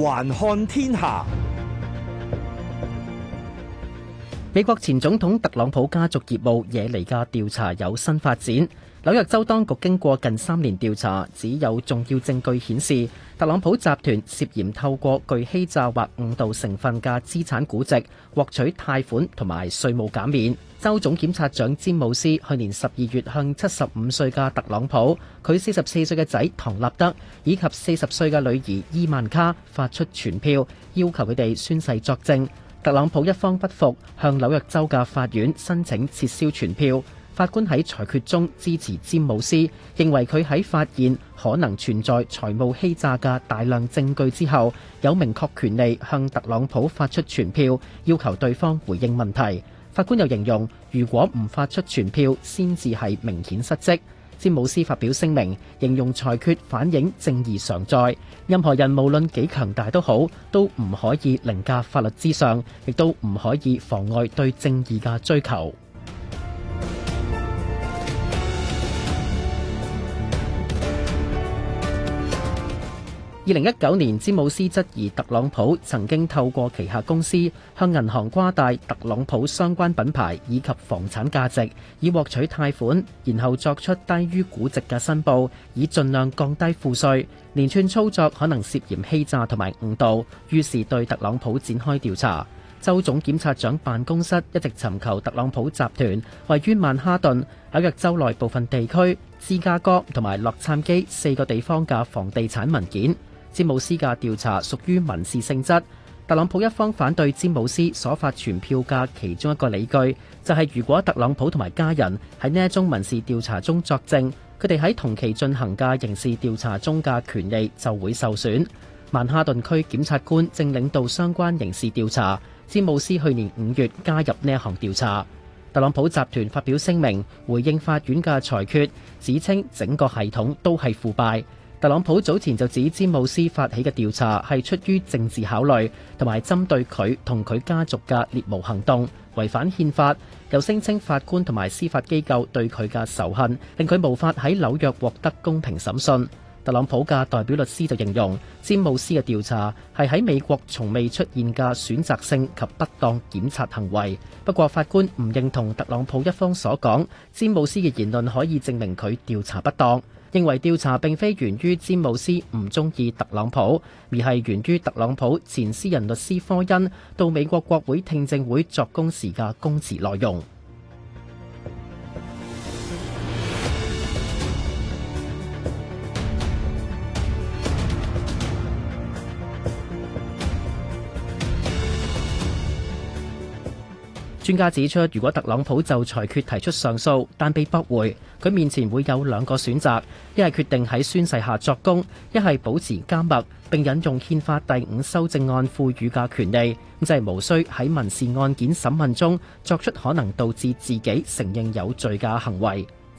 環看天下。美國前總統特朗普家族業務惹嚟嘅調查有新發展。紐約州當局經過近三年調查，只有重要證據顯示特朗普集團涉嫌透過具欺詐或誤導成分嘅資產估值，獲取貸款同埋稅務減免。州總檢察長詹姆斯去年十二月向七十五歲嘅特朗普、佢四十四歲嘅仔唐納德以及四十歲嘅女兒伊萬卡發出傳票，要求佢哋宣誓作證。特朗普一方不服，向紐約州嘅法院申請撤銷傳票。法官喺裁決中支持詹姆斯，認為佢喺發現可能存在財務欺詐嘅大量證據之後，有明確權利向特朗普發出傳票，要求對方回應問題，法官又形容，如果唔發出傳票，先至係明顯失職。詹姆斯發表聲明，形容裁決反映正義常在，任何人無論幾強大都好，都唔可以凌駕法律之上，亦都唔可以妨礙對正義嘅追求。二零一九年，詹姆斯質疑特朗普曾經透過旗下公司向銀行誇大特朗普相關品牌以及房產價值，以獲取貸款，然後作出低於估值嘅申報，以盡量降低賦稅。連串操作可能涉嫌欺詐同埋誤導，於是對特朗普展開調查。州總檢察長辦公室一直尋求特朗普集團位於曼哈頓、紐約州內部分地區、芝加哥同埋洛杉磯四個地方嘅房地產文件。詹姆斯嘅調查屬於民事性質，特朗普一方反對詹姆斯所發傳票嘅其中一個理據，就係如果特朗普同埋家人喺呢一宗民事調查中作證，佢哋喺同期進行嘅刑事調查中嘅權利就會受損。曼哈頓區檢察官正領導相關刑事調查，詹姆斯去年五月加入呢一項調查。特朗普集團發表聲明回應法院嘅裁決，指稱整個系統都係腐敗。特朗普早前就指詹姆斯發起嘅調查係出於政治考慮，同埋針對佢同佢家族嘅獵巫行動，違反憲法。又聲稱法官同埋司法機構對佢嘅仇恨，令佢無法喺紐約獲得公平審訊。特朗普嘅代表律師就形容詹姆斯嘅調查係喺美國從未出現嘅選擇性及不當檢察行為。不過法官唔認同特朗普一方所講，詹姆斯嘅言論可以證明佢調查不當。認為調查並非源於詹姆斯唔鍾意特朗普，而係源於特朗普前私人律師科恩到美國國會聽證會作供時嘅供詞內容。專家指出，如果特朗普就裁決提出上訴，但被駁回，佢面前會有兩個選擇：一係決定喺宣誓下作供，一係保持緘默並引用憲法第五修正案賦予嘅權利，就係、是、無需喺民事案件審問中作出可能導致自己承認有罪嘅行為。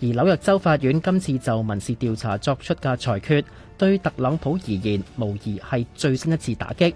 而紐約州法院今次就民事調查作出嘅裁決，對於特朗普而言，無疑係最新一次打擊。